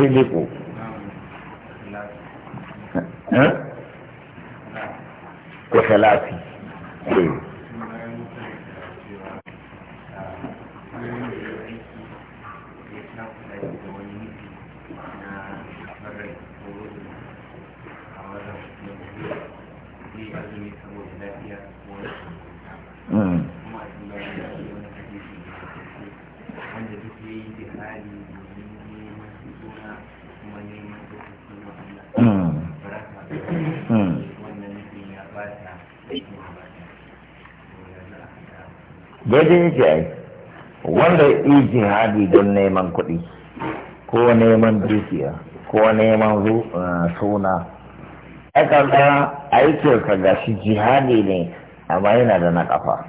asidiku ikhlasi eh? daidai yake ai wanda yi jihadi don neman kuɗi ko neman dukiya ko neman uh, suna aka aikin ka ga shi jihadi ne amma yana da na kafa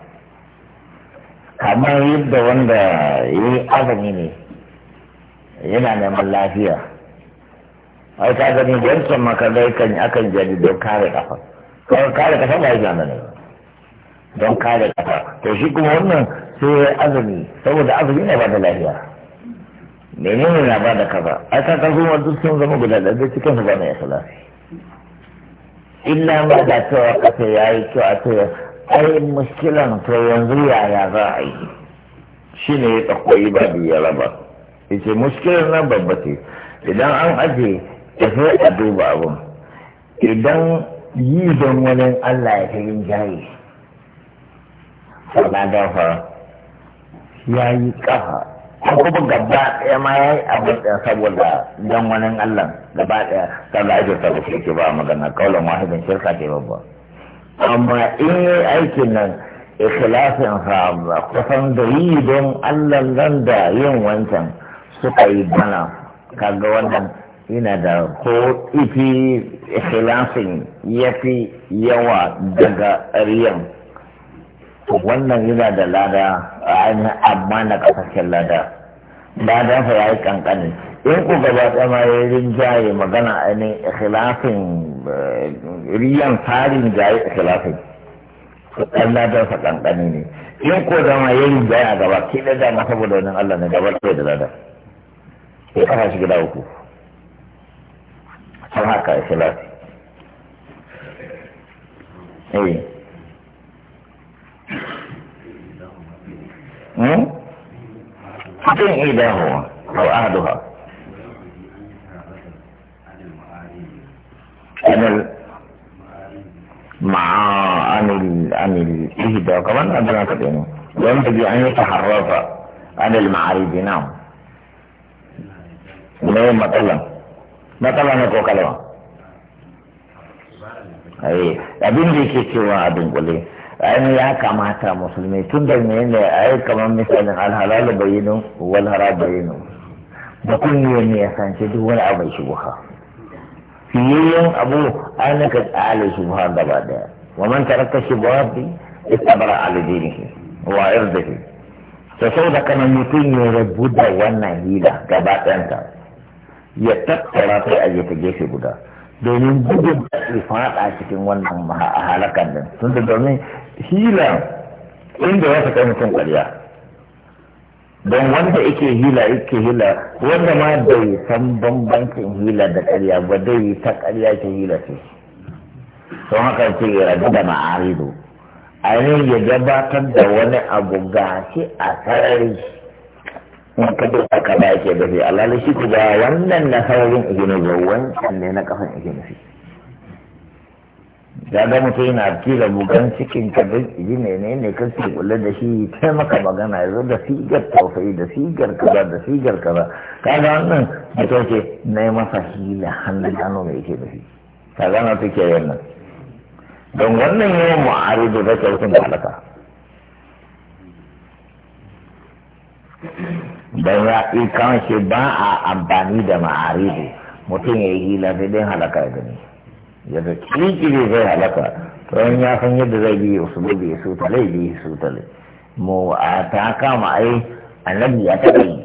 kamar yadda wanda yi azumi ne yana neman lafiya ai ka gani wancan makarai kan akan jadidau kare kafa kare kafa ba ya don kare kafa to shi kuma wannan sai azumi saboda azumi na bada lafiya menene na bada kafa ai ka kazo duk sun zama guda da cikin su ba ya sala illa ma da cewa kafa yayi to a ce ai muskilan to yanzu ya za a yi shine ya tsakko yi ba ya raba yace muskilan nan babbace ce idan an aje ya sai a duba abun idan yi don wani Allah ya ta yin jayi na gafa ya yi kafa ko kuma gaba ɗaya ma ya yi abin ɗaya saboda don wani Allah gaba ɗaya kaga ake sabu shi ke ba magana kaulan wahidin shirka ke babba amma in yi aikin nan ikhlasin sa kusan da yi don Allah nan da yin wancan suka yi bana kaga wannan yana da ko ifi ikhlasin ya fi yawa daga riyan to wannan yana da lada a ainihin amma na kasashen lada lada fa ya yi kankani in ku gaba ɗaya ya yi rinjaye magana ainihin ikhilafin eh, riyan farin jaye ikhilafin ɗan ladan sa kankani ne in ko zama ya yi rinjaye a gaba ki da dama saboda wani allah ne gaba ɗaya da lada ya kafa shi gida uku sun haka ikhilafi eh. cikin hmm? idahuwa ko ahaduha anil ma'a anil anil ihda kaman an tana kaɗe ne don ta ji an yi taharrafa anil ma'ariji na ne matsalan matsala ne ko abin da yake cewa abin kule ainihin ya kamata musulmi tun da ne ne a yi kamar misalin alhalalu bayinu wal haram bayinu mutum ne ne ya sanci duk wani abin shubuha fiyayyen abu ainihin ka tsale shubuha gaba daya wa man taraka shubuha bi istabara alidinihi wa irdihi to sau da kana mutum ya rabu da wannan hila gaba ɗanta ya tattara ta ta gefe guda domin gudun fada cikin wannan halakan din sun da domin hila inda ya fi mutum ƙarya don wanda yake hila yake hila wanda ma bai san bambancin hila da ƙarya ba yi ta ƙarya ke hila ce don haka ce ya rabu da ma'arido ainihin ya gabatar da wani abu gashi a sarari in ka duka ka da yake gafe alhali shi ku ga wannan na sararin igini ga wancan ne na kafan igini fi ya ga mutum yana kila bugan cikin ka don igini ne ne ka ce kula da shi ta maka magana ya zo da sigar tausayi da sigar kaza da sigar kaza ka ga wannan da na yi masa hila hannun hannu mai ke da shi ka gana ke wannan don wannan yawan mu'aridu da kyautin da halaka don ya ikan shi ba a ah, amfani da ma'aribu mutum ya yi hila sai dai halaka ya gani yadda kikiri zai halaka to in ya san yadda zai bi usulubi ya sutale ya bi sutale mu a ta kama ai annabi ya taɓa yi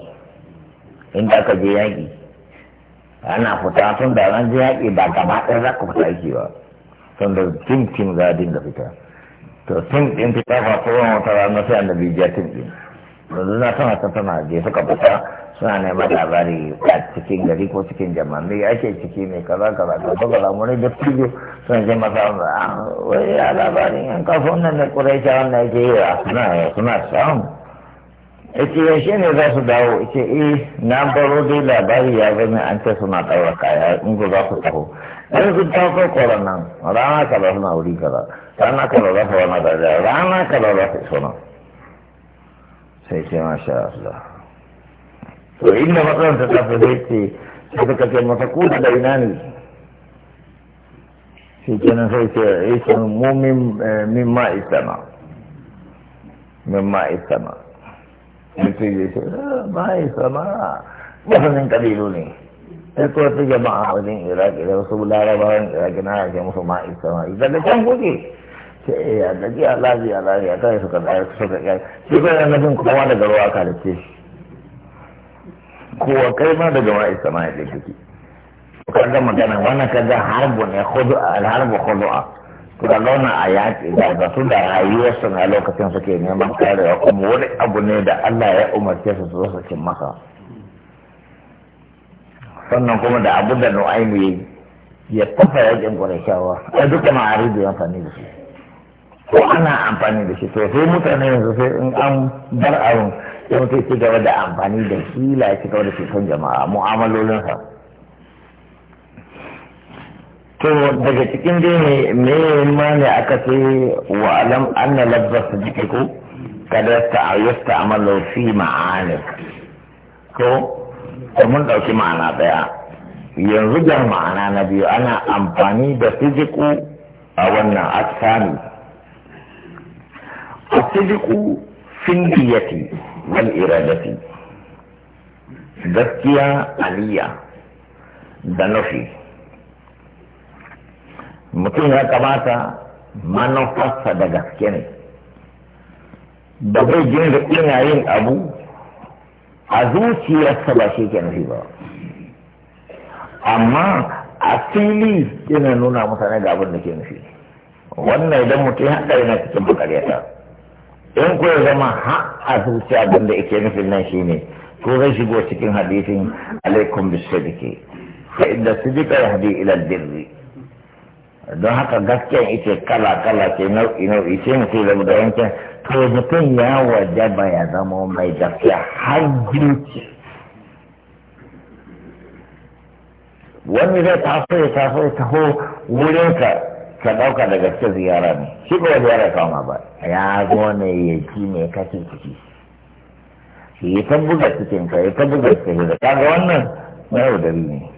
inda aka je yaƙi ana fita tun da ran je yaƙi ba gaba ɗaya za ku fita aiki ba tun da tim tim za a dinga fita to tim ɗin fita fa kowane wata ranar sai annabi ya tim ɗin yanzu za tana ta tana je suka fita suna neman labari a cikin gari ko cikin jama'a mai ake ciki ne kaza kaza ka baka lamuni da fiye suna je masa wai ya labarin yan kafa wannan na kuraita wannan ke yi a suna suna samu ita yaushe ne za su dawo ake yi eh, na baro dai labari ya gani an ce suna ɗaura kaya in ku za su taho in sun taho kwaran nan rana kaza suna wuri kaza rana kaza za su wani da rana kaza za su suna sai ce masha Allah to inda matsalar ta tafi zai ce sai ta ce mata ko da ina ne shi kenan sai ce mu min ma eh, isama min ma isama mutum ya ce eh, ma isama masanin kabilu ne sai ko wata jama'a wajen iraki da wasu larabawan iraki na ake musu ma isama idan da can kuke sai ya gaji a lafiya suka tsaye suka shi kai kowa daga ruwa ka da ce kowa kai ma daga ma isa ya ce ga magana ka ga harbu ne to da launa a yaƙi da ba su da rayuwarsu na lokacin suke neman karewa kuma wani abu ne da Allah ya umarce su su zo cin masa sannan kuma da abu da nu'aimu ya tafa yaƙin a duka ma'aridu ya fani da su ko ana amfani da shi to sai mutane yanzu sai in an bar abin sai mutu ci gaba da amfani da hila ya ci gaba da cikin jama'a mu'amalolinsa to daga cikin dai ne me ma ne aka ce wa alam anna labbas jikiku kada ta yasta amalo fi ma'anik ko mun dauki ma'ana daya yanzu da ma'ana na biyu ana amfani da fiziku a wannan asali الصدق findiyati النية والإرادة gaskiya aliyya da nufi mutum ya kamata manufarsa da gaske ne da bai jin da ina yin abu a zuciyarsa ba shi ke nufi ba amma a fili yana nuna mutane ga abin da ke nufi wannan idan mutum ya haɗa yana cikin makaryata in ku ya zama ha a zuciya abin da yake nufin nan shine ko zai shigo cikin hadisin alaikum bisadiki fa inda sidika yahdi ila albirri don haka gaskiya ita kala kala ce nau'i nau'i ce mutum zama da yankin to mutum ya wajaba ya zama mai gaskiya har zuciya wani zai taso ya taso ya taho wurinka ka ɗauka da gaske ziyara ne shi ba ziyara ma ba ya zo ne ya ci mai kacin ciki shi ya ta buga cikin ka ya ta buga cikin da ga wannan na yau da ne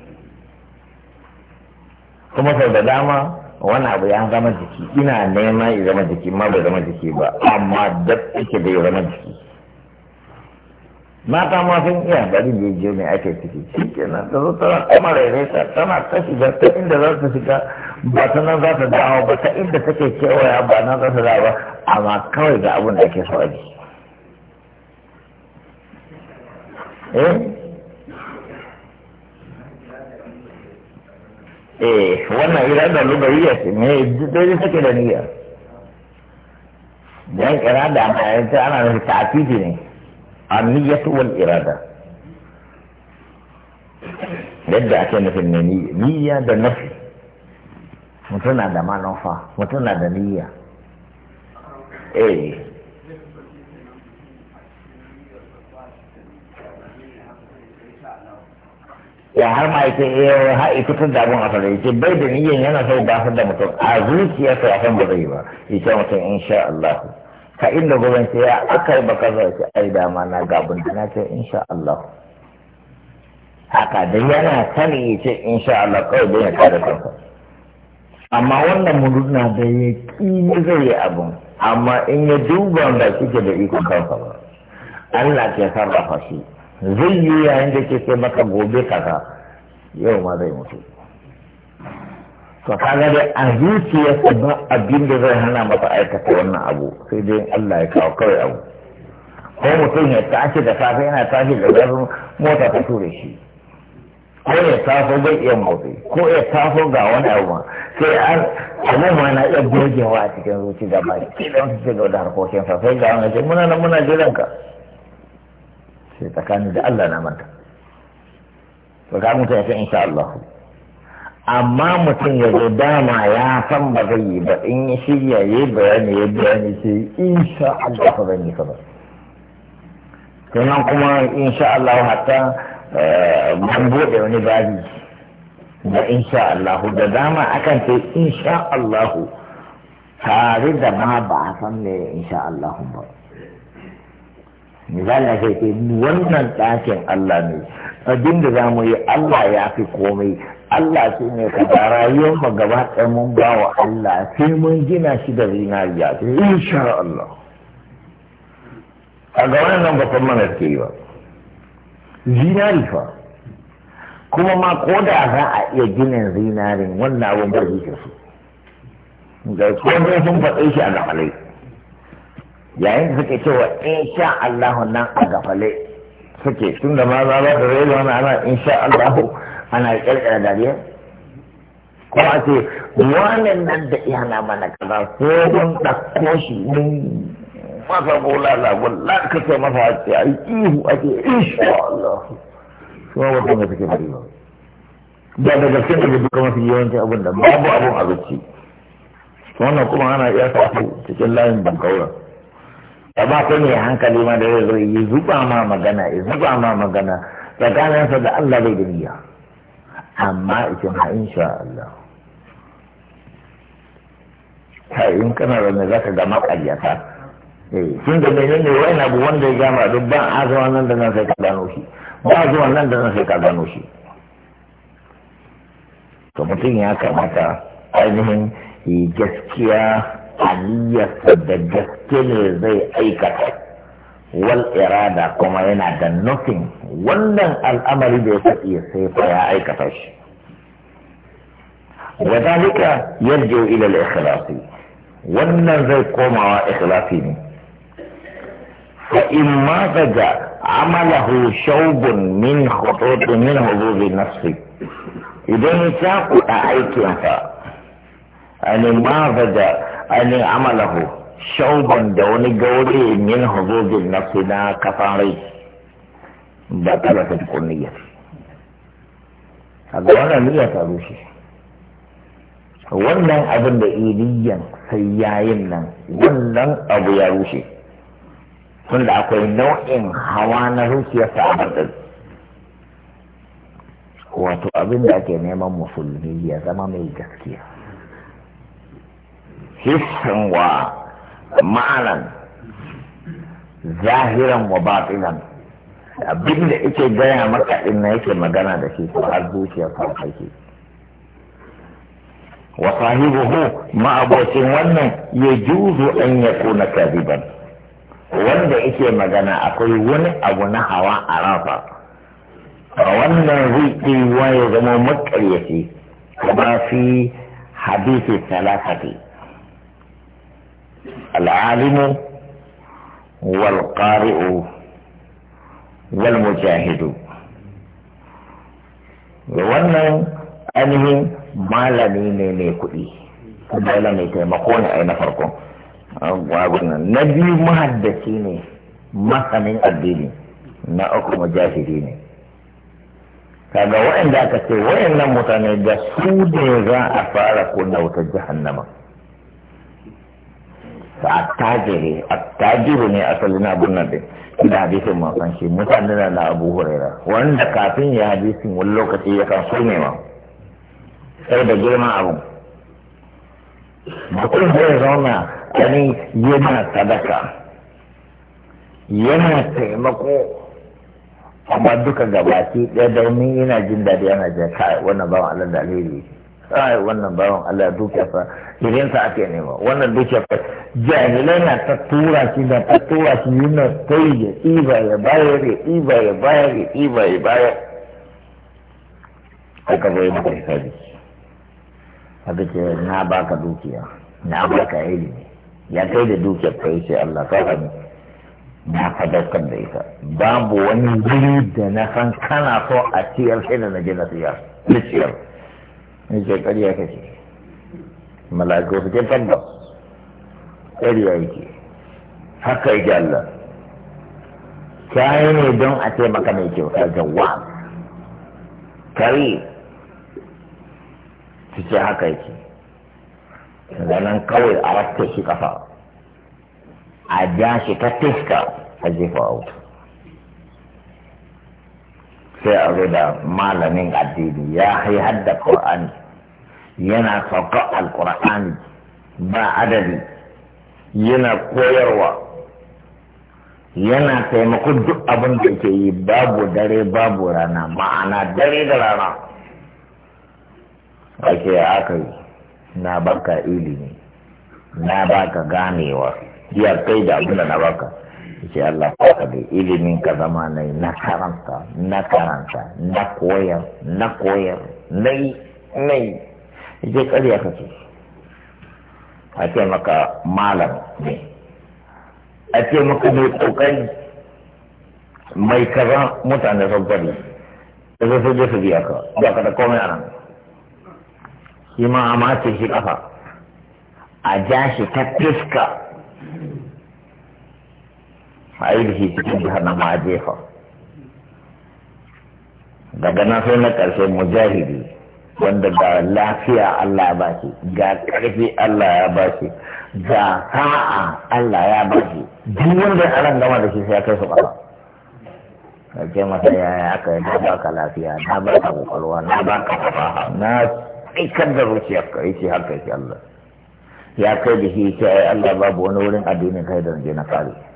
kuma sau da dama wani abu ya zama jiki ina nema ya zama jiki ma bai zama jiki ba amma duk ike bai zama jiki mata ma sun iya bari da je mai ake ciki shi kenan ta zo tana kuma raireta tana ta shiga ta inda za ta shiga ba ta nan za ta dawo ba ta inda take kewaya ba nan za ta dawo ba amma kawai ga abin da ake so a ji eh, eh wannan iradar lugariya ce me dai take da niyya dan irada ma yanzu ana da ta'afifi ne النية والإرادة yadda ake nufin ne niyya da nafi mutum na da manufa mutum na da niyya eh ya har ma ita eh ha ita tun da abun asara yace bai da niyyan yana sai ba da mutum a zuciya sai akan ba zai ba yace mutum insha Allah ka inda gurin ce ya aka yi baka zai ce ai dama na gabin da na ce insha Allah haka da yana sani ya ce insha Allah kawai don ya kada kansa amma wannan muruna da ya ƙi zai yi abun amma in ya duba da kike da ikon kansa ba Allah ke sarrafa shi zai yi yayin da ke maka gobe kaza yau ma zai mutu to kaga dai a zuciyarsa ba abin da zai hana masa aikata wannan abu sai dai Allah ya kawo kawai abu ko mutum ya tashi da safe yana tashi da zafin mota ta ture shi ko ya taso bai iya motsi ko ya taso ga wani abu sai an abin ma na iya gogewa a cikin zuci da ba ki da wata ce ga harkokin harkokinsa sai ga wani ce muna nan muna jiran ka sai tsakanin da Allah na manta Saka ka mutu ya ce insha Allah amma mutum ya zo dama ya san ba zai yi ba in ya shirya ya bayani ya bayani ce insha Allah ba zan yi ba sannan kuma insha Allah hatta ban eh, bude wani babi da insha Allah da dama akan ce insha Allah tare da ma ba a san me insha Allah ba misali sai ce eh, wannan ɗakin Allah ne abinda za mu yi Allah ya fi komai Allah shi ne da rayuwar mu gaba ɗaya mun ba wa Allah sai mun gina shi da zinariya insha Allah a ga nan ba san mana ke ba zinari fa kuma ma ko da za a iya ginin zinarin wannan abun ba zai su ga kuma sun faɗe shi a gafale yayin da suke cewa insha Allah nan a gafale suke tun da ma za ba da rayuwa na ana insha Allah ana kirkira dariya ko a ce wannan nan da iyana mana kaza ko don ɗauko shi mun masa bola la walla ka ce masa a ce ai ihu ake insha Allah su ma wata mai suke bari ba da da gaske da ke duka mafi yawancin abin da babu abin a zuci wannan kuma ana iya sa cikin layin bankaura da ba ku ne hankali ma da zai zo yi zuba ma magana ya zuba ma magana tsakaninsa da Allah bai da niyya amma ikin ha insha Allah kai in kana da za zaka ga makaryata eh kin da menene na bu wanda ya gama duk ban azuwa nan da nan sai ka gano shi ba zuwa nan da nan sai ka gano shi to mutum ya kamata ainihin gaskiya aniyarsa da gaske ne zai aikata wal irada kuma yana da nothing wannan al'amari da ya faɗi sai fa ya aikata shi wa dalika yarji'u ila al ikhlasi wannan zai komawa ikhlasi ne fa in ma daga amalahu shawbun min khutubi min hudud nafsi idan ya kuɗa aikin aikinsa ani ma daga ani amalahu shauban da wani gauri min hudud nafsi na kafarai بطلت تدخل نيتي هذا أنا نية أروشي ولا أبن إيليا سيائنا ولا أبو يروشي كل أقوي نوع حوانا روسيا سعبت واتو أبن دا كنما مسلمية زما ميجت كيا حسن ومعنى ظاهرا وباطنا abin da yake gaya maka din na yake magana da shi ko har zuciya ka ke wa sahibuhu ma abocin wannan ya juzu an ya kuna kadiban wanda yake magana akwai wani abu na hawa a rafa a wannan wa ya zama makaryaci kuma fi hadisi talafati al'alimu wal qari'u wal mujahidu wannan ainihin malami ne mai kuɗi kuma mai taimako ne a na farko na biyu mahaddaci ne masanin addini na uku mujahidi ne kaga waɗanda aka ce waɗannan mutane da su ne za a fara kunna wutar jahannama attajiri attajiru ne asalin abun nan din da hadisin ma kan shi mutane na na Abu Huraira wanda kafin ya hadisin wani lokaci ya kan sune ma sai da girman abu mutum zai zauna kani yana sadaka yana taimako amma duka gabaki ɗaya domin yana jin daɗi yana jin kai wannan bawan Allah ai wannan bawan Allah dukiyarsa sa ake nema wannan dukiya fa jahilai na ta tura shi da ta tura shi yana kai ya iba ya bayar ya iba ya bayar ya iba ya bayar haka zai maka hisabi haka ce na baka dukiya na baka ilimi ya kai da dukiya fa yi sai Allah ka sani na fadaukar da ita babu wani guri da na san kana so a ciyar sai da na gina na siyar na ciyar ni ke ƙarya kake malaka su ke tabbas ƙarya yake haka yake Allah yi ne don a ce maka mai kyauta jawab Kari. su ce haka yake nan kawai a rasta shi kafa a ja shi ta fiska a jefa a wuta sai a zo da malamin addini ya haihar da ƙur'ani yana sauka alƙur'ani ba adadi yana koyarwa yana taimako duk abin da ke yi babu dare babu rana ma'ana dare da rana ake aka yi na baka ilimi na baka ganewa ya kai da abin na baka ce Allah ka da ilimin ka zama na na karanta na karanta na koyar na koyar na yi na yi je karya ka ce a ce maka malam ne a ce maka mai kokari mai kaza mutane sun bari da zai su je su biya ka ba ka da komai a nan shi ma a mace shi kafa a ja shi ta fiska a yi da shi cikin jihannama a jefa daga nan sai na ƙarshe mujahidi wanda ga lafiya Allah ya bashi ga ƙarfi Allah ya bashi ga sa'a Allah ya bashi duk wanda ya aran gama da shi sai ya kai su ƙasa ce masa yaya aka yi na baka lafiya na baka kwakwalwa na baka fasaha na aikar da zuciyarka yace haka shi Allah ya kai da shi ya ai Allah babu wani wurin addinin kai da na kare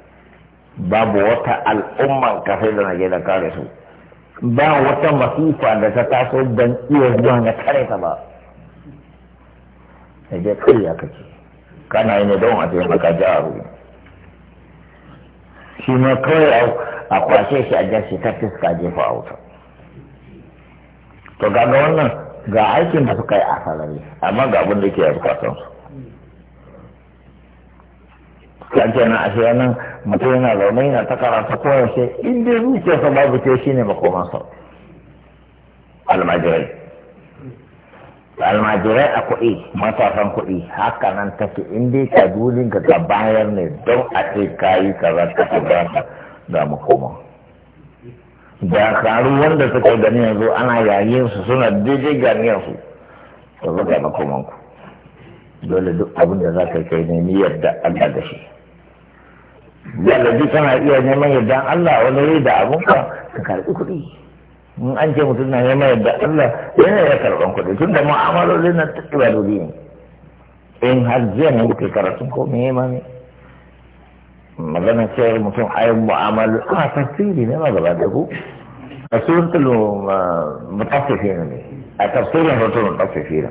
babu wata al'umman kafai da na da kare su ba wata masifa da ta taso don iya zuwa na kare ta ba a je kai ya kake kana yi ne don a taimaka jaru shi ma kawai a kwashe shi a jashi ta fiska jefa a wuta to ga wannan ga aikin da suka yi a salari amma ga abin da ke a zukatansu kan kenan a shi nan mutum yana zaune yana ta karanta yaushe in dai zuciyarsa babu ce shi ne makomansa almajirai almajirai a kuɗi matasan kuɗi haka nan take in dai ka dulin ka ga bayar ne don a ce ka yi za ka ce ba ka ga makoma da karu wanda suka gani yanzu ana yayin su suna daidai ganiyar su ka zaga makomanku dole duk abin da za ka kai ne niyyar da Allah da shi jalabi kana iya neman yadda Allah wani rai da abun ka karbi kuɗi in an ce mutum na neman yadda Allah yana ya karɓan kuɗi tun da mu'amalolin na da ibadodi ne in har jiya ne kuke karatun ko me ma ne magana ce mutum mu mu'amalu a tafsiri ne ma gaba da ku a suratul uh, mutaffifin ne a tafsirin suratul mutaffifin ne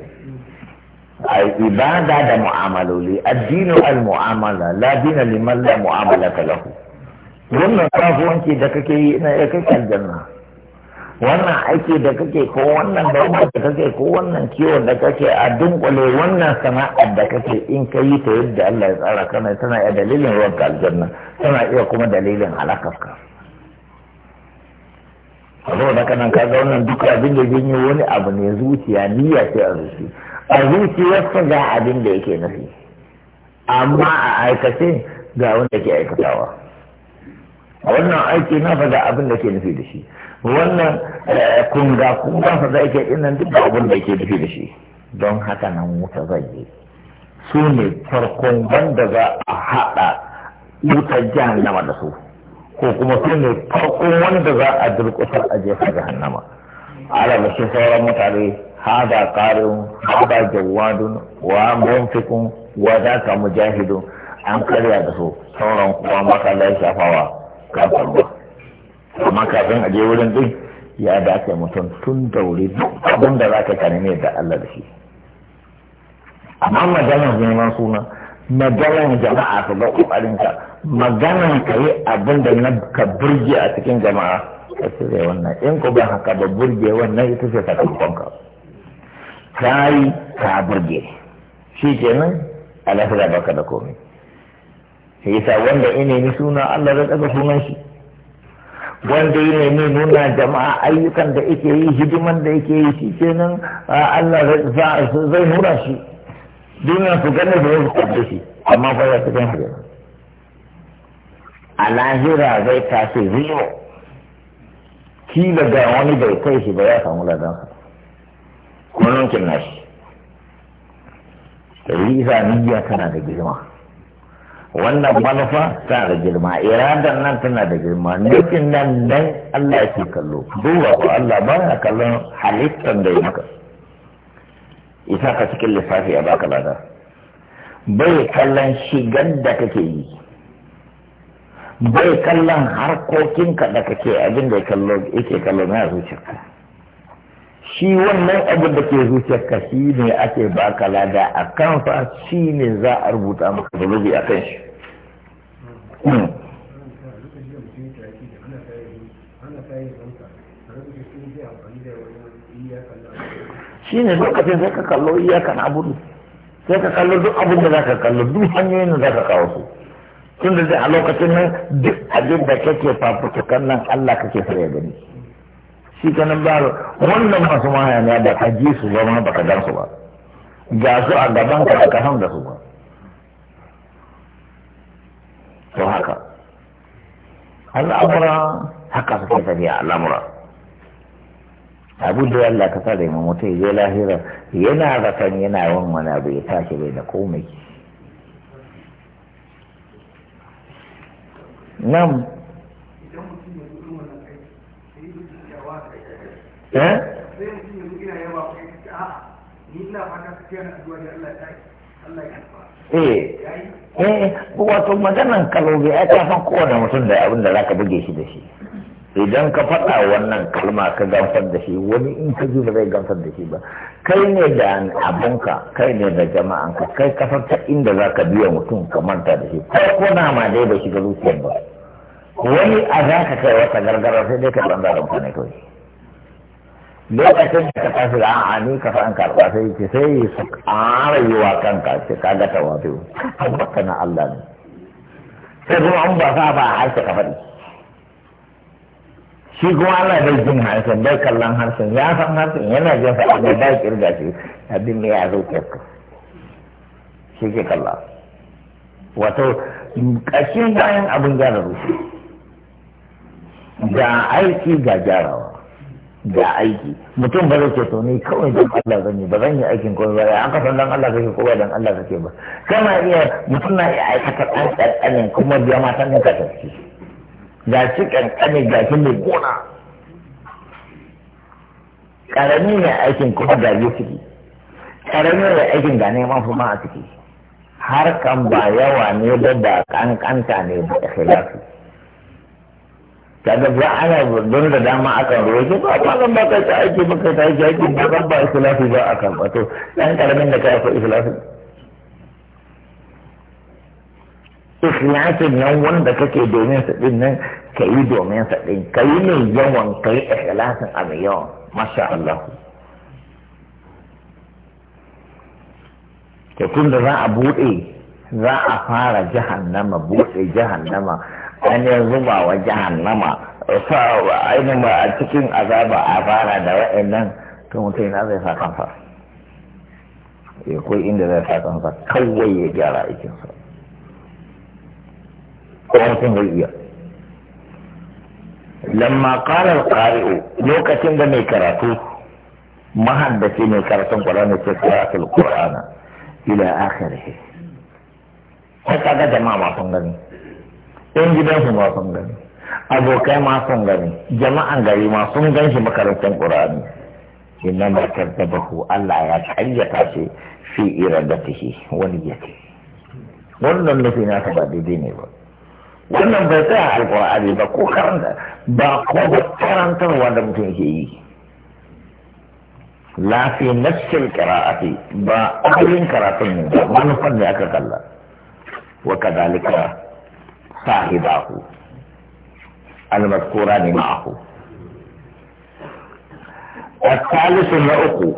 ibada da mu'amaloli addinu al-mu'amala la dina liman la mu'amalata lahu wannan kafuwanci da kake yi ina ya kai aljanna wannan aiki da kake ko wannan da kake ko wannan kiwo da kake a dunkule wannan sana'ar da kake in ka yi ta yadda Allah ya tsara kana tana iya dalilin ruwanka aljanna tana iya kuma dalilin halakarka saboda ka ga wannan duk abin da yi wani abu ne zuciya niyya ce a zuciya a zuciyarsa ga abin da yake nufi amma a aikace ga wanda ke aikatawa a wannan aiki na faɗa ga abin da ke nufi da shi wannan eh, kunga kunga fa a ke duk abin da ke nufi da shi don haka nan wuta zai yi su ne farkon wanda za a haɗa wutar jahannama da su ko kuma su ne farkon wanda za a durƙusar a jefa jahannama ala da shi sauran mutane هذا قارئ هذا جواد ومنفق وذاك مجاهد an karya da su sauran kuwa maka da ya shafawa kafin ba amma kafin a je wurin din ya dace mutum tun da wuri duk abin da za ka karime da Allah da shi amma maganar neman suna maganar jama'a su ga kokarin ka maganar ka yi abin da na ka burge a cikin jama'a ka cire wannan in ko ba haka da burge wannan ita ce sakamakon ka ka yi ka burge shi nan a alakhira baka da komai sai yasa wanda ya nemi suna Allah zai ɗaga sunan shi wanda ya nemi nuna jama'a ayyukan da yake yi hidiman da yake yi shi a Allah zai nura shi duniya su gane da su kwalle shi amma fa ya cikin hajji a lahira zai tashi zuwa kila ga wani bai kai shi ba ya samu ladansa kullum na shi niyya tana da girma wannan manufa tana da girma iradan nan tana da girma nufin nan dan Allah yake kallo duba ko Allah ba ya kallon halittar da ya maka isa ka cikin lissafi a baka lada bai kallon shigar da kake yi bai kallon harkokinka da kake abin da ya kallo yake kallo na zuciyarka shi wannan abin da ke zuciyarka shi ne ake baka lada a kan fa shi ne za a rubuta maka zunubi a kan shi hmm. shi ne lokacin sai ka kallo iyakan abudu sai ka kallo duk abin da za ka kallo duk hanyoyin da za ka kawo su tun da a lokacin nan duk abin da kake fafutukan nan Allah kake fara ya gani shi kanan ba wannan masu ne da ka ji su zama ba ka su ba ga su a gaban ka da kasan da su ba to haka al'amura haka suke tafiya al'amura abu da Allah ka sa da mu mutum ya lahira yana zaton yana yawan wani abu ya tashi bai da komai nan Eh? eh eh wato maganan kalobe ai ka san kowane mutum da abin da zaka buge shi da shi idan ka faɗa wannan kalma ka gamsar da shi wani in ka ji ba zai gamsar da shi ba kai ne da abinka, kai ne da jama'anka kai kasar ta inda za ka biya mutum ka manta da shi ko na ma dai bai shiga zuciyar ba wani a za ka kai wata gargara sai dai ka ɗan da mutane kawai lokacin da ka tafi da a ni ka san karɓa sai ce sai su ƙara yi wa kanka ce ka ga tawafi tabbata na Allah ne sai kuma an ba sa ba harshe ka faɗi shi kuma Allah bai jin harshen bai kallon harshen ya san harshen yana jin sa ba bai kirga shi abin ne ya zo kyakka shi ke kalla wato ƙashin bayan abin gyara rufi. Da aiki ga gyarawa da aiki mutum ba zai ce to ni kawai dan Allah zan yi ba zan yi aikin ko ba an kasan dan Allah kake ko ba dan Allah kake ba kana iya mutum na iya aikata dan kankanin kuma biya ma san ka tafi ga shi kankani ga shi ne gona karami ne aikin kuma ga yi ciki karami ne aikin ga neman fuma a ciki har kan ba yawa ne ba da kankanta ne ba ikhlasi kaga ba ana don da dama akan roƙe ba malam ba ka ta aiki ba ka ta aiki aiki ba ba ba ikhlasi ba akan ba to dan karamin da kai fa ikhlasi ikhlasin nan wanda kake domin sa din nan ka yi domin sa din ka yi mai yawan ka yi ikhlasin a mai yawan masha Allah to tun da za a buɗe za a fara jahannama buɗe jahannama an yi zuba wa jahannama ainihin a cikin azaba a fara da nan to mutum na zai sa kansa ya koi inda zai sa kansa kawai ya gyara aikinsa kuma mutum zai iya lamma kalar ƙari'u lokacin da mai karatu mahaddaci mai karatun ƙwararra ce karatul ƙur'ana ila akhirih sai kaga jama'a masu gani yan gidansu ma sun gani abokai ma sun gani jama'an gari ma sun gan shi makarantar ƙur'ani inna ma kadzabahu Allah ya karyata shi fi iradatihi wani yake wannan nufi na ba daidai ne ba wannan bai tsaya alƙur'ani ba ko karanta ba ko karantar wanda mutum ke yi la fi nafsil qira'ati ba abin karatun ne ba manufan ne aka kalla wa kadalika sahibahu almaskura ni wa salisu na uku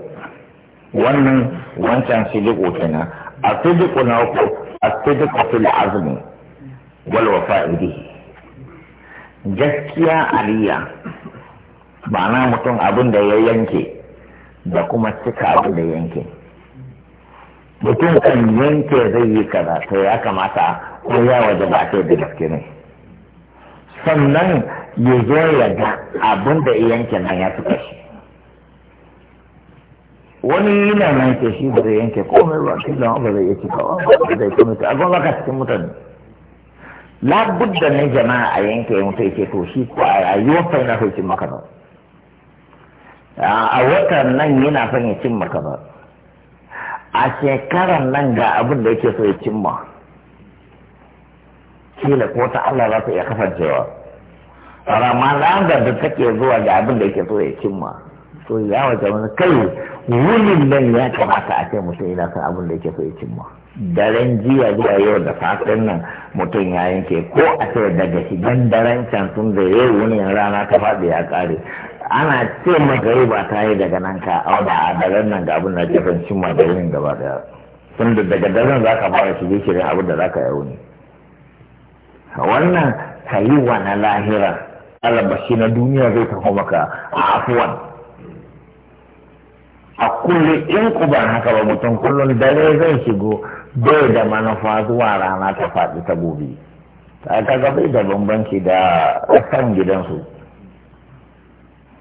wannan wancan sidiku kina a sidiku na uku a sidiku fil azumi walwa fa'idi gaskiya aliyya ma'ana mutum abin da ya yanke da kuma cika abin da ya yanke mutum kan yanke zai yi kaza ya kamata ko ya waje ba kai da gaske ne sannan ya zo ya ga abin da yanke nan ya fita shi wani yana nan ke shi ba zai yanke komai ba shi da ba zai iya cika ba zai kuma ta agon baka cikin mutane labudda na jama'a a yanke mutai ke to shi ko a fai na hukun maka ba a watan nan yana son ya cin maka ba a shekaran nan ga abin da yake so ya cimma kila ko ta Allah za ta iya kasancewa ramadan da da take zuwa ga abin da yake so ya cimma to ya wace wani kai wurin nan ya kamata a ce mutum yana san abin da yake so ya cimma daren jiya zuwa yau da fatan nan mutum ya yanke ko a ce daga shigan daren can tun da yau wani rana ta faɗi ya ƙare ana ce maka ba ta yi daga nan ka a daren nan ga abin da ke son cimma da yin gaba daya tun da daga daren za ka fara shige shirin abin da za ka yi wuni. wannan ka yi wa na lahira albashi na duniya zai taho maka a afuwan a kulle in ku ba haka ba mutum kullum dare zai shigo bai da manufa zuwa rana ta faɗi ta gobe ta ga bai da bambanci da kan gidansu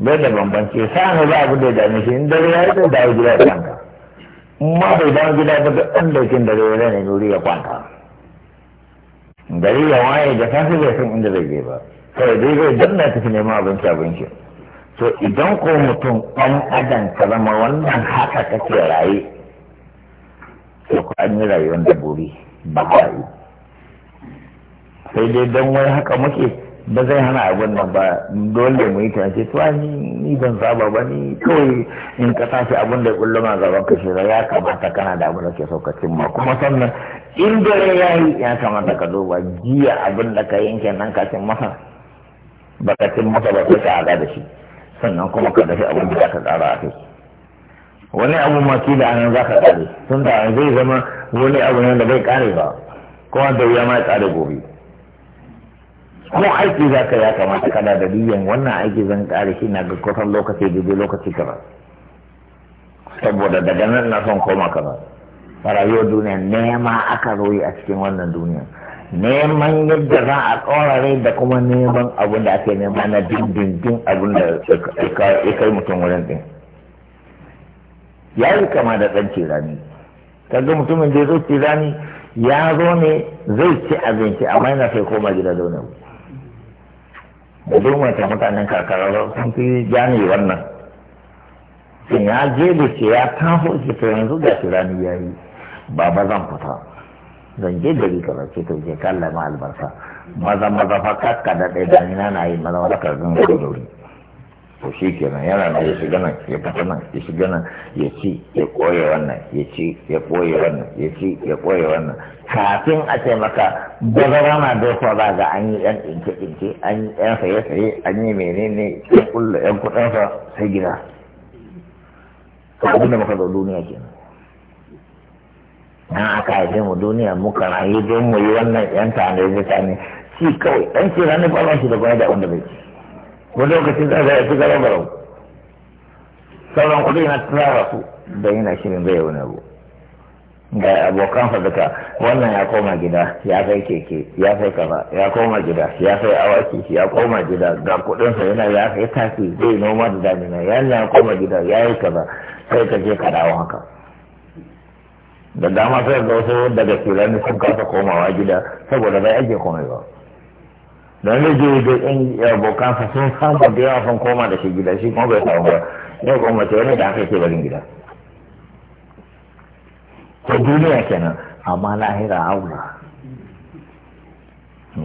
bai da bambanci sa'anu ba abu da ya dame shi in dare ya yi da dawo gida ya kwanta in ma bai dawo gida ba da ɗan daukin dare ya ne nuri ya kwanta gari ya waye da safe bai san inda zai je ba kawai dai zai danna tafi neman abinci abinci to idan ko mutum ɗan adam ka zama wannan haka kake raye to ko an yi rayuwar buri ba sai dai don wai haka muke ba zai hana abin nan ba dole mu yi ce to ni ban saba ba ni kawai in ka tashi abin da kullum a gaban ka shira ya kamata kana da abin da ke saukacin ma kuma sannan in dare ya yi ya kamata ka duba jiya abin da ka yanke nan ka cin masa ba ka cin masa ba sai ka haɗa da shi sannan kuma ka dafi abin da ka tsara a kai wani abu ma da anan za ka kare tun da zai zama wani abu ne da bai kare ba kuma da wuya ma ya kare gobe ko aiki za ka ya kamata kana da biyan wannan aiki zan kare shi na ga kusan lokaci daidai lokaci kaza saboda daga nan na son koma kaza a rayuwar duniya nema aka a cikin wannan duniya neman yadda za a tsorare da kuma neman abin da ake nema na dindindin abin da ya kai mutum wurin din ya yi kama da ɗan cirani kaga mutumin da ya zo cirani ya zo ne zai ci abinci amma yana sai koma gida zaune da dumata mutanen karkara sun fi jami wannan sun ya je da ce ya taho ce ta yanzu ga shi rani ya yi baba zan fita zan je gari kaza ce je kallama albarka maza maza fa kakka da ɗaya nina na yi maza maza karzin da wuri to shi kenan yana na ya shiga nan ya fita nan ya shiga nan ya ci ya koya wannan ya ci ya koya wannan ya ci ya koya wannan kafin a ce maka bazara na dofa ba ga an yi yan ɗinke ɗinke an yi yan saye saye an yi menene yan kulla yan kudin sa sai gida to abin da muka zo duniya kenan na aka haife mu duniya muka rayu don mu yi wannan yan tane da tane shi kawai ɗan ce ranar ba shi da gwamnati da wanda bai ci wani lokacin za a fi gaba barau sauran kuɗi na tsara su da yana shirin zai wani abu ga abokan fadaka wannan ya koma gida ya kai keke ya kai kaza ya koma gida ya kai awaki ya koma gida ga kuɗinsa yana ya kai tafi zai noma da damina yana ya koma gida ya yi kaza sai ka je ka dawo haka da dama sai ga wasu daga filani sun kasa komawa gida saboda bai ake komai ba don je da yan abokansa sun samu da yawa sun koma da shi gida shi kuma bai samu ba yau kuma mace wani da aka yi barin gida ta duniya kenan amma lahira aula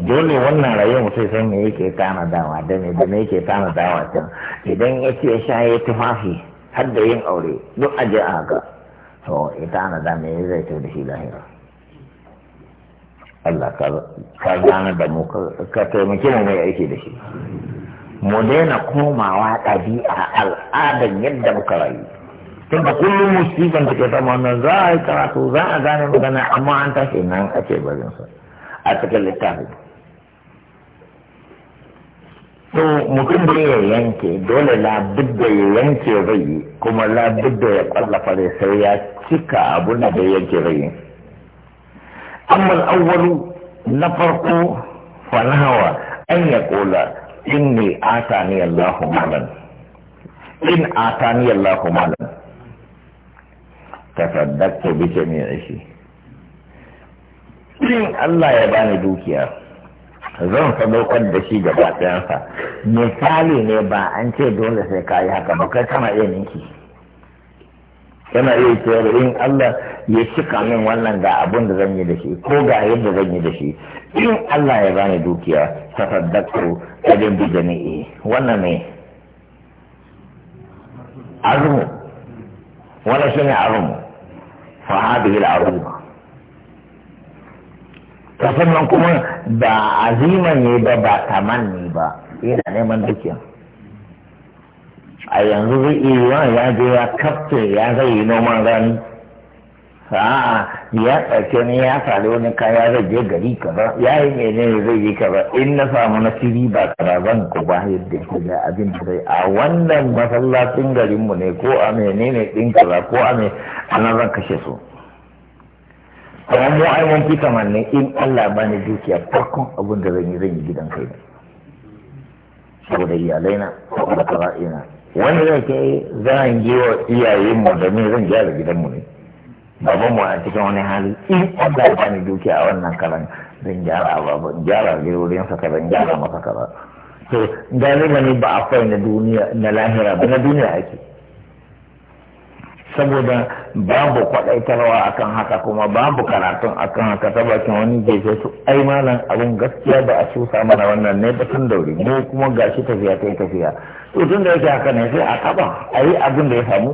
dole wannan rayuwar mutum san me yake dawa da me da me yake dawa can idan ya ce sha ya tufafi har da yin aure duk aje a haka to ya da me zai tafi da shi lahira Allah ka gane da mu ka taimake mu mai aiki da shi mu daina komawa ɗabi'a al'adar yadda muka rayu tun da kullum musibin da ke sama wannan za a yi karatu za a gane magana amma an tashi nan ake barin sa a cikin littafi to mutum da ya yanke dole labudda ya yanke zai yi kuma labudda ya kwallafa sai ya cika abun da ya yanke zai أما الأول نفرق فنهوى أن يقول إني آتاني الله مالا إن آتاني الله مالا تصدقت بجميعه إن الله يباني دوكيا dukiya zan sadaukar da shi gaba ɗayansa misali ne ba an ce dole sai ka yi haka ba kai kana iya ninki Yana iya cewa in Allah ya cika min wannan ga abin da zan yi da shi ko ga yadda zan yi da shi in Allah ya bani dukiya ta saddaqtu ajin bi jami'i wannan ne azumu wannan ne azumu fa hadhihi al-azuma kasan nan kuma ba aziman ne ba ba tamanni ba yana neman dukiya a yanzu zai iya yiwa ya je ya kafce ya zai yi noman rani a'a ya ɗauke ni ya faru wani kaya zai je gari kaza ya yi mene zai yi kaza in na samu na fili ba kaza zan ku ba yadda ku ga abin da zai a wannan masallacin garinmu ne ko a menene ɗin kaza ko a me ana zan kashe su amma mu ai mun fita in Allah bani dukiya farkon abin da zan yi zan yi gidan kai ne saboda iyalaina da kaza'ina wani zai za a je wa mu da me zan gyara gidanmu ne baban mu a cikin wani hali in Allah ya bani duki a wannan karan zan gyara baba in gyara gidorin sa kaza gyara masa ba to galiba ne ba a fai na duniya na lahira ba na duniya ake saboda babu kwadaitarwa akan haka kuma babu karatun akan haka ta bakin wani gefe su ai malam abin gaskiya da a cusa mana wannan ne da sun dauri mu kuma gashi tafiya kai tafiya to tun da yake haka ne sai a kaba a yi abin da ya samu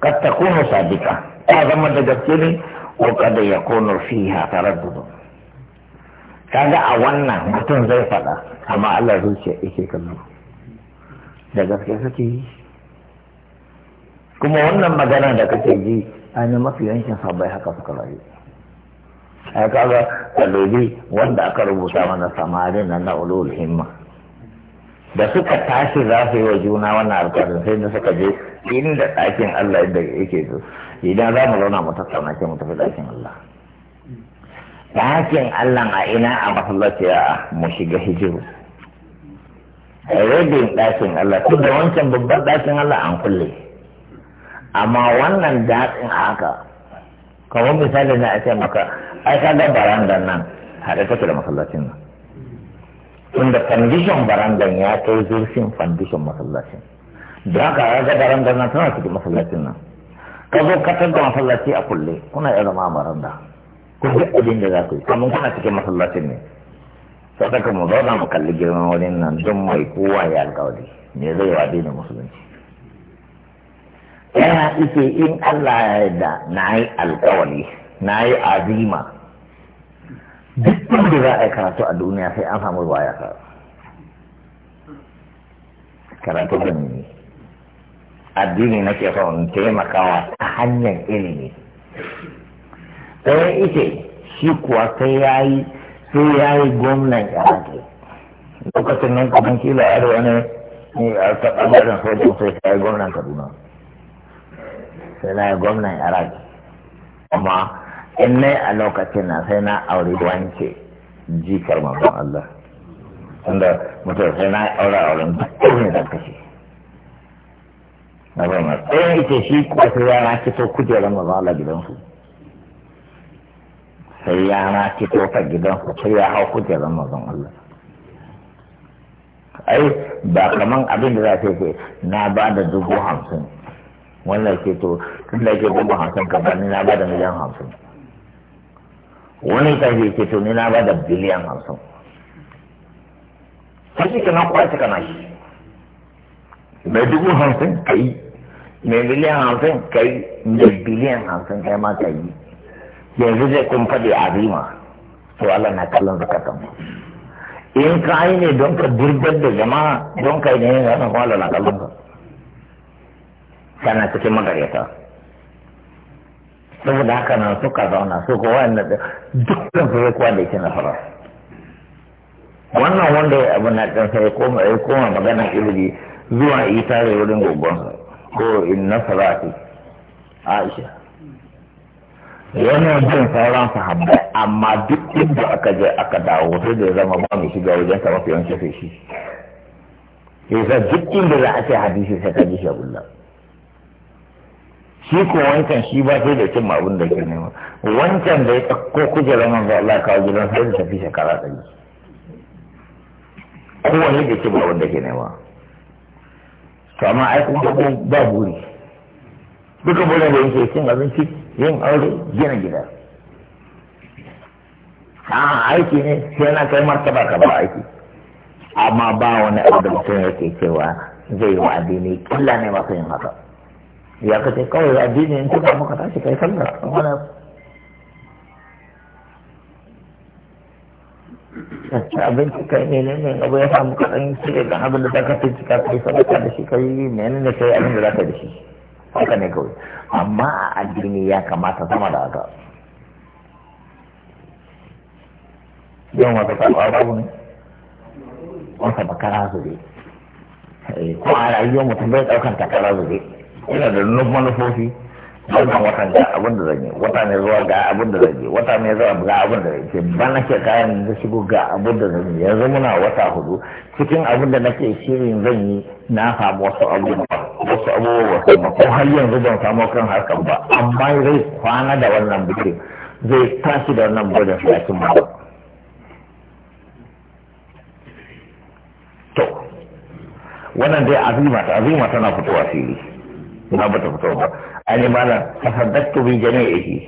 kad takunu sabika ta zama da gaske ne ko kada ya kono fiha taraddudu kaga a wannan mutum zai faɗa amma Allah zuciya yake kallo da gaske suke yi kuma wannan magana da kake ji an mafi yankin sabai haka suka rayu a kaga kalobi wanda aka rubuta mana samari na ulul himma da suka tashi za su yi wa juna wannan alƙalin, sai da suka je inda ɗakin Allah inda yake so idan za mu zauna mu tattauna ke mu tafi ɗakin Allah ɗakin Allah a ina a masallaci a mu shiga hijiru A rabin ɗakin Allah tun da wancan babban ɗakin Allah an kulle amma wannan daɗin haka kamar misali na a ce maka ai ka ga barandan nan haɗe take da masallacin nan tunda fandishon barandan ya kai zurfin fandishon masallacin da haka ga barandan nan tana cikin masallacin nan ka zo ka tabba masallaci a kulle kuna iya zama a baranda ku duk abin da za ku yi kamar kuna cikin masallacin ne sadaka mu zauna mu kalli girman wani nan don mai kowa ya alƙawari me zai wa addinin musulunci ɗaya ike in Allah ya yarda na yi alkawari na yi azima duk da za a yi karatu a duniya sai an samu ruwa ya karatu karatu da ne addini ke son taimakawa ta hanyar ilimi ɗaya ike shi kuwa sai ya yi sai ya yi gwamnan iraki lokacin nan kuma kila ya wani ne a ta ɓangaren sojin sai ya yi gwamnan kaduna sai na yi gwamnan iraq amma in na a lokacin na sai na aure wance jikar manzon Allah tunda mutum sai na aure auren dukkan da kashe na bai ma tsayin ita shi kuwa sai yana fito kujerar manzon Allah gidansu sai yana fito ta gidansu sai ya hau kujerar manzon Allah ai ba kaman abin da za ta ce na ba da dubu hamsin wannan ke to tun da ke dubu hamsin kamar ni na bada miliyan hamsin wani kan ke to ni na bada biliyan hamsin kashi kana kwace kana shi mai dubu hamsin ka yi mai miliyan hamsin ka yi mai biliyan hamsin kai ma ka yi yanzu zai kun faɗi azima to Allah na kallon zakatan in ka yi ne don ka durgar da jama'a don ka yi ne yana na na kallon ka kana cikin magaryata saboda haka nan suka zauna su kowa yana da dukkan su kuwa da yake na fara wannan wanda ya abu na ɗan ya koma ya koma magana ilimi zuwa yi tare wurin gogon ko in nasarati aisha yana jin sauran sahabbai amma duk inda aka je aka dawo sai da ya zama ba mai shiga wajen ta mafi yawanci sai shi sai duk inda za a ce hadisi sai ka ji shi shi ko wancan shi ba sai da cin abun da ke nema wancan da ya ɗauko kujerar manzo Allah kawo gidan sai da tafi shekara ɗari kowane da cin abun da ke nema to amma ai kun ga ba buri duka burin da yake cin abinci yin aure gina gida a aiki ne sai na kai martaba ka ba aiki amma ba wani abu da mutum yake cewa zai yi wa addini killa ne masu yin haka ya kace kawai addini in kuka muka tashi kai sallar wani ka abinci kai ne ne ne abu ya samu kaɗan shi ne kan abin da za ka fi cika kai sadaka da shi kai ne ne ne kai abin da za ka da shi haka ne kawai amma a addini ya kamata sama da haka yau ma ka samu arabu ne wata bakara zube eh, ko a rayuwar mutum bai ɗaukar takara zube ina da manufofi wannan watan ga abin da zan yi wata ne zuwa ga abin da zan yi wata ne zuwa ga abin da zan yi ba nake kayan da shigo ga abin da zan yi yanzu muna wata hudu cikin abin da nake shirin zan yi na samu wasu abubuwa wasu abubuwa kuma ko har yanzu ban samu kan harkar ba amma zai kwana da wannan bikin zai tashi da wannan burin yakin ba to wannan dai azima ta azima tana fitowa fili ما بتفتوها أنا مالا تصدقت بجميعه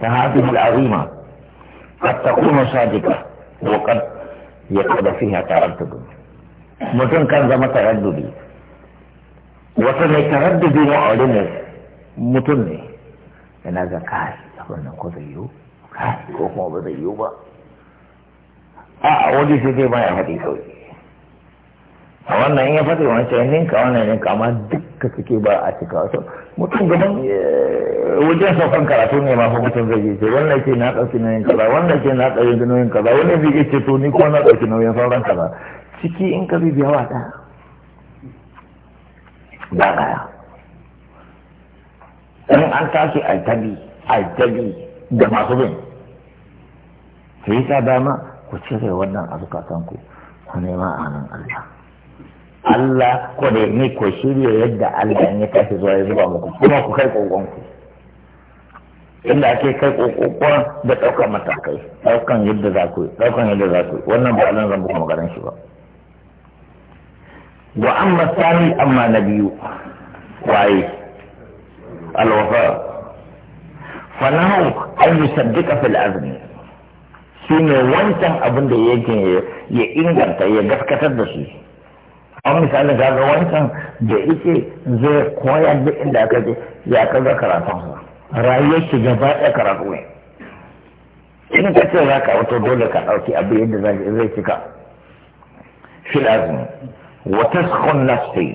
فهذه العظيمة قد تكون صادقة وقد يقضى فيها تردد mutum kan zama taraddudi wata mai taraddudi ma'aulinis mutum ne yana ga kai abin nan ko zai yiwu kai ko kuma ba yiwu ba wani faɗi a wannan ya faɗi wancan ninka wannan ninka amma dukka suke ba a cika wasu mutum gaban eh, wajen saukan karatu ne ma fa mutum zai ce wannan ce na ɗauki nauyin kaza wannan ce na ɗauki nauyin kaza wannan zai ce to ni ko na ɗauki nauyin sauran kaza ciki in ka bibiya wa ɗaya ba ɗaya in an tashi altabi altabi da masu bin sai ta dama ku cire wannan a zukatanku ku nema a nan Allah Allah ko da ne ko shirya yadda Allah ka tafi zuwa zuwa muku kuma ku kai kokon ku inda ake kai kokon da ɗaukar matakai ɗaukan yadda za ku ɗaukan yadda za ku wannan ba nan zan muku magaran shi ba wa amma sani amma na biyu waye alwafa fanahu an saddika fil azmi shine wancan abin da yake ya inganta ya gaskatar da shi an misali ga ga wancan da yake zai koyar da inda aka je ya ka ga karatun rayuwar shi gaba ɗaya karatu ne in ka ce za ka wato dole ka ɗauki abu yadda zai cika shi lazim wata sukun nafsi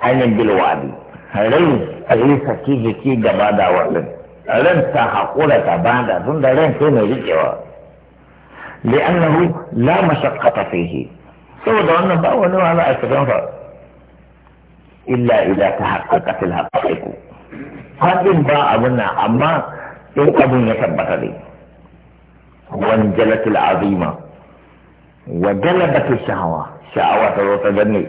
ainihin bilwadi rai a yi saki jiki gaba da wannan ran ta haƙura ta bada tun da ran sai mai riƙewa li'annahu la mashaqqata fihi سوى دعونا ونوع بقى استغنفع إلا إذا تحققت الحقائق فاتن با أبنا أما إن أبو يثبت لي وانجلت العظيمة وجلبت الشهوة شهوة وتجني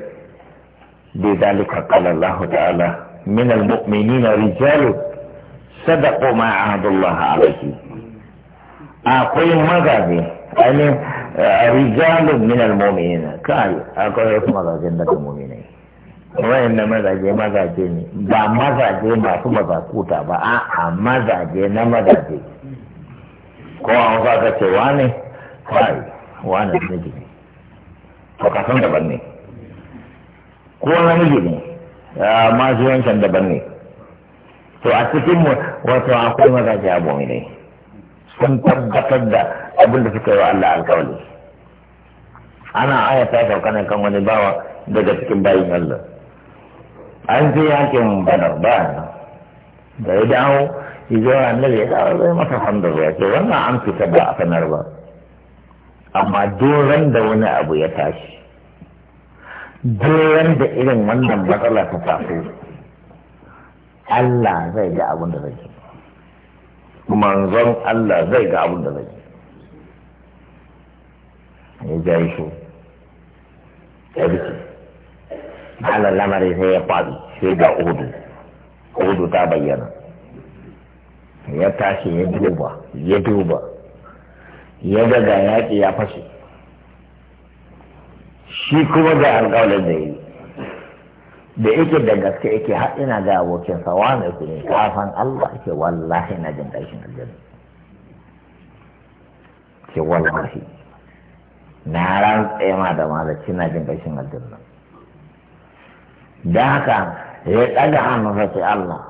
بذلك قال الله تعالى من المؤمنين رجال صدقوا ما عهد الله عليه أقول ماذا به ainihin rijalu min al-mu'minina kai akwai wasu na da mu'minai wayan na mazaje mazaje ne ba mazaje masu mazakuta ba a'a mazaje na mazaje ko an ka ce wane kai wane namiji ne to ka san daban ne ko namiji ne masu yankan daban ne to a cikin wato akwai mazaje a ne sun tabbatar da abin da suka yi wa Allah alkawali ana aya ta sauka kan wani bawa daga cikin bayin Allah an ji yakin badar ba da ya dawo ya zo annabi ya dawo zai masa hamdu ya ce wannan an fita ba a sanar ba amma doron da wani abu ya tashi doron da irin wannan matsala ta taso Allah zai ga abin da zai manzon Allah zai ga abin da zai Ni ja shi ya biki ala lamari sai ya faɗi sai ga odu, odu ta bayyana ya tashi ya duba ya duba ya ga ga yaƙi ya fashe shi kuma ga alƙawar da yi da yake da gaske yake har ina ga abokin sa wani ku kafan Allah ke wallahi na jin ƙarshen aljanna ke wallahi na rantse ma da malaci na jin gashin aljanna da haka ya ɗaga hannunsa sai Allah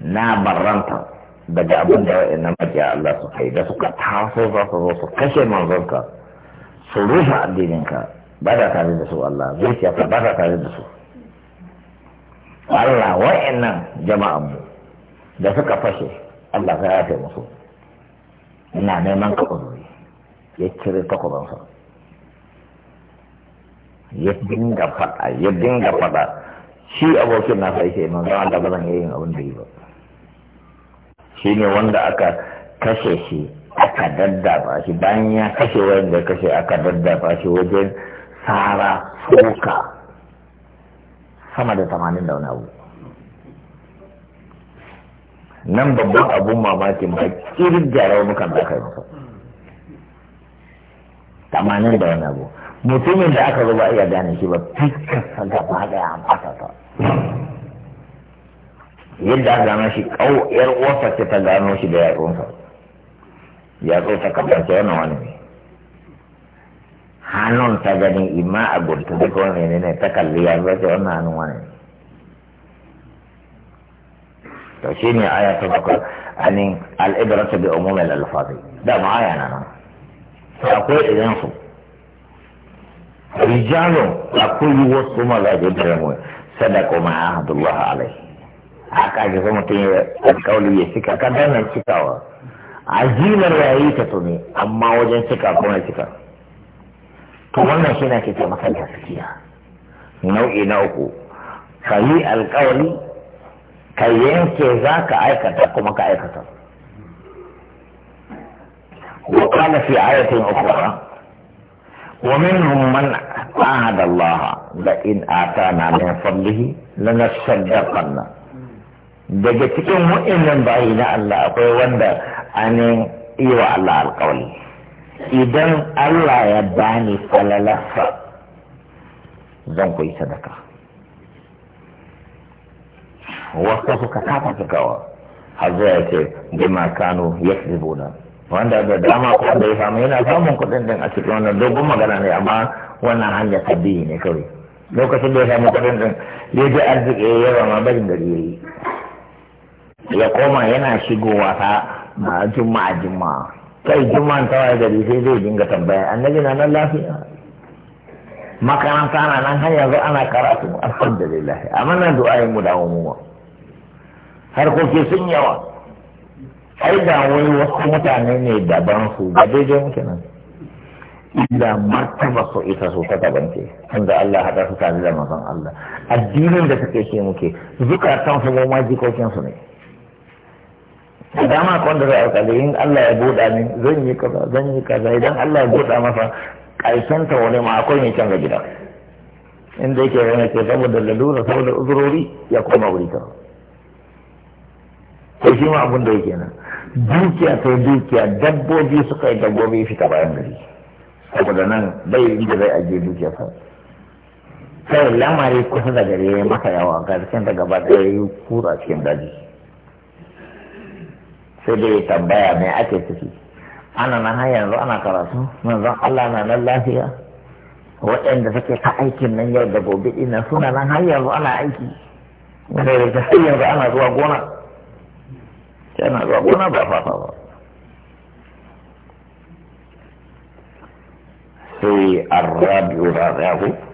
na barranta daga abin da na majiya Allah su kai da suka taso za su zo su kashe manzonka su rufe addininka ba da tare da su Allah zuciya ka ba da tare da su Allah wa'annan jama'an mu da suka fashe Allah ka yafe musu ina neman ka uzuri ya cire takwabansa ya dinga faɗa ya dinga faɗa shi abokin nasa yake manzo da ba zan yi yin abin da yi ba shi ne wanda aka kashe shi aka daddafa shi bayan ya kashe wanda kashe aka daddafa shi wajen sara soka sama da tamanin da wani abu nan babban abun mamaki mamakin ba kirgara mukan da kai masa tamanin da wani abu mutumin da aka zuba iya gane shi ba fuskarsa gaba daya an fata ta yadda aka gano shi kau yar uwarsa ce ta gano shi da yatsunsa ya kamar ta wani wani ne hannun ta gani ima a gunta duka wani ne ne ta kalli ya zai wannan hannun wani ne to shi ne aya ta bakwai anin al'ibrata bi umumil alfazi da ma aya na nan akwai idan su rijalo akwai wasu mazaje da ramu sadaka ma ahadullah alai haka ga zama mutum ya alkawali ya cika ka dana cikawa azimar ya yi ta tuni amma wajen cika kuma cika to wannan shi ne ke ce maka gaskiya nau'i na uku ka yi alkawali ka yanke za ka aikata kuma ka aikata وقال في آية أخرى ومنهم من عاهد الله لئن آتانا من فضله لنصدقن daga cikin wa'annan bayi na Allah akwai wanda an yi wa Allah alkawali idan Allah ya bani falalarsa zan kuyi sadaka wasu suka kafa sukawa har zuwa ya ce bima Kano ya wanda da dama ko da ya yana samun kuɗin din a cikin wannan dogon magana ne amma wannan hanya ta biyu ne kawai lokacin da ya samu kuɗin din ya ji arziki ya yawa ma barin da ya yi ya koma yana shigowa ta ba juma'a juma'a kai juma'an tawaye gari sai zai dinga tambaya annabi na nan lafiya makaranta na nan har yanzu ana karatu alhamdulillah amma nan du'a ya mu dawo mu harkoki sun yawa ai da wani wasu mutane ne daban su ga daidai muke nan illa martaba su ita su ta daban ke tunda Allah haɗa su tare da mazan Allah addinin da suke ce muke zukatan su ma jikokin su ne da dama da zai alƙali in Allah ya buɗa ni zan yi kaza zan yi kaza idan Allah ya buɗa masa ƙarshen ta wani ma akwai ne canza gida inda yake rana ce saboda lalura saboda uzurori ya koma wuri ta. Ko shi ma abin da yake nan dukiya sai dukiya dabbobi suka yi dabbobi fita bayan gari saboda nan bai inda zai ajiye dukiya sa sai lamari kusa da gari ya maka yawa garkin da gaba da ya kura cikin daji sai dai tambaya mai ake ciki ana na har yanzu ana karatu manzon Allah na nan lafiya waɗanda suke ta aikin nan yau da gobe ina suna nan har yanzu ana aiki wanda da har yanzu ana zuwa gona yana zuwa gona ba fafa ba sai arrabi rarrahu